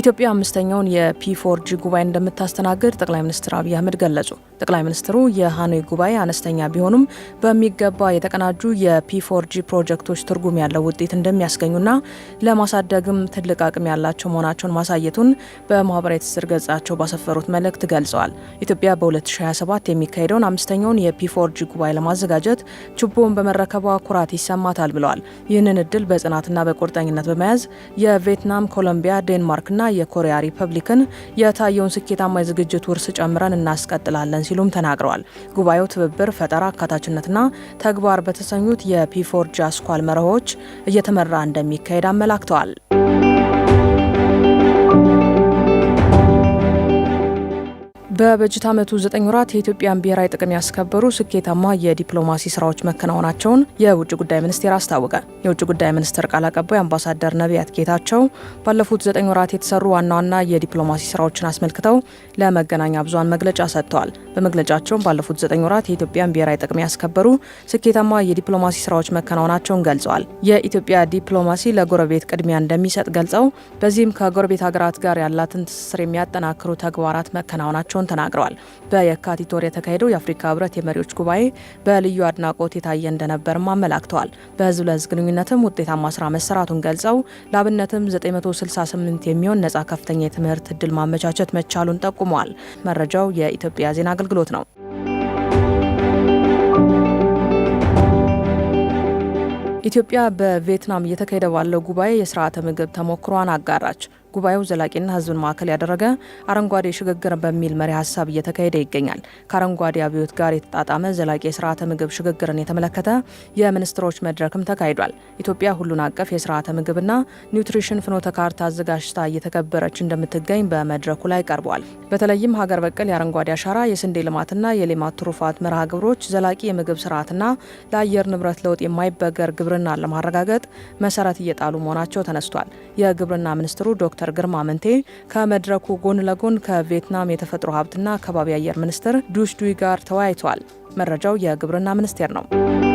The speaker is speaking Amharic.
ኢትዮጵያ አምስተኛውን የፒፎርጂ ጉባኤ እንደምታስተናግድ ጠቅላይ ሚኒስትር አብይ አህመድ ገለጹ። ጠቅላይ ሚኒስትሩ የሃኖይ ጉባኤ አነስተኛ ቢሆኑም በሚገባ የተቀናጁ የፒፎርጂ ፕሮጀክቶች ትርጉም ያለው ውጤት እንደሚያስገኙና ለማሳደግም ትልቅ አቅም ያላቸው መሆናቸውን ማሳየቱን በማህበራዊ ትስስር ገጻቸው ባሰፈሩት መልእክት ገልጸዋል። ኢትዮጵያ በ2027 የሚካሄደውን አምስተኛውን የፒፎርጂ ጉባኤ ለማዘጋጀት ችቦውን በመረከቧ ኩራት ይሰማታል ብለዋል። ይህንን እድል በጽናትና በቁርጠኝነት በመያዝ የቪየትናም፣ ኮሎምቢያ፣ ዴንማርክና የኮሪያ ሪፐብሊክን የታየውን ስኬታማ የዝግጅት ውርስ ጨምረን እናስቀጥላለን ሲሉም ተናግረዋል። ጉባኤው ትብብር፣ ፈጠራ፣ አካታችነትና ተግባር በተሰኙት የፒፎርጂ አስኳል መርሆች እየተመራ እንደሚካሄድ አመላክተዋል። በበጀት ዓመቱ 9 ወራት የኢትዮጵያን ብሔራዊ ጥቅም ያስከበሩ ስኬታማ የዲፕሎማሲ ስራዎች መከናወናቸውን የውጭ ጉዳይ ሚኒስቴር አስታወቀ። የውጭ ጉዳይ ሚኒስቴር ቃል አቀባይ አምባሳደር ነቢያት ጌታቸው ባለፉት 9 ወራት የተሰሩ ዋና ዋና የዲፕሎማሲ ስራዎችን አስመልክተው ለመገናኛ ብዙሃን መግለጫ ሰጥተዋል። በመግለጫቸውም ባለፉት 9 ወራት የኢትዮጵያን ብሔራዊ ጥቅም ያስከበሩ ስኬታማ የዲፕሎማሲ ስራዎች መከናወናቸውን ገልጸዋል። የኢትዮጵያ ዲፕሎማሲ ለጎረቤት ቅድሚያ እንደሚሰጥ ገልጸው በዚህም ከጎረቤት ሀገራት ጋር ያላትን ትስስር የሚያጠናክሩ ተግባራት መከናወናቸውን መሆኑን ተናግረዋል። በየካቲት ወር የተካሄደው የአፍሪካ ህብረት የመሪዎች ጉባኤ በልዩ አድናቆት የታየ እንደነበርም አመላክተዋል። በህዝብ ለህዝብ ግንኙነትም ውጤታማ ስራ መሰራቱን ገልጸው ለአብነትም 968 የሚሆን ነጻ ከፍተኛ የትምህርት እድል ማመቻቸት መቻሉን ጠቁመዋል። መረጃው የኢትዮጵያ ዜና አገልግሎት ነው። ኢትዮጵያ በቪየትናም እየተካሄደ ባለው ጉባኤ የስርዓተ ምግብ ተሞክሯን አጋራች። ጉባኤው ዘላቂና ህዝብን ማዕከል ያደረገ አረንጓዴ ሽግግር በሚል መሪ ሀሳብ እየተካሄደ ይገኛል። ከአረንጓዴ አብዮት ጋር የተጣጣመ ዘላቂ የስርዓተ ምግብ ሽግግርን የተመለከተ የሚኒስትሮች መድረክም ተካሂዷል። ኢትዮጵያ ሁሉን አቀፍ የስርዓተ ምግብና ኒውትሪሽን ፍኖተ ካርታ አዘጋጅታ እየተከበረች እንደምትገኝ በመድረኩ ላይ ቀርበዋል። በተለይም ሀገር በቀል የአረንጓዴ አሻራ፣ የስንዴ ልማትና የሌማት ትሩፋት መርሃ ግብሮች ዘላቂ የምግብ ስርዓትና ለአየር ንብረት ለውጥ የማይበገር ግብርና ለማረጋገጥ መሰረት እየጣሉ መሆናቸው ተነስቷል። የግብርና ሚኒስትሩ ዶክተር ዶክተር ግርማ መንቴ ከመድረኩ ጎን ለጎን ከቪየትናም የተፈጥሮ ሀብትና አካባቢ አየር ሚኒስትር ዱሽዱይ ዱይ ጋር ተወያይተዋል። መረጃው የግብርና ሚኒስቴር ነው።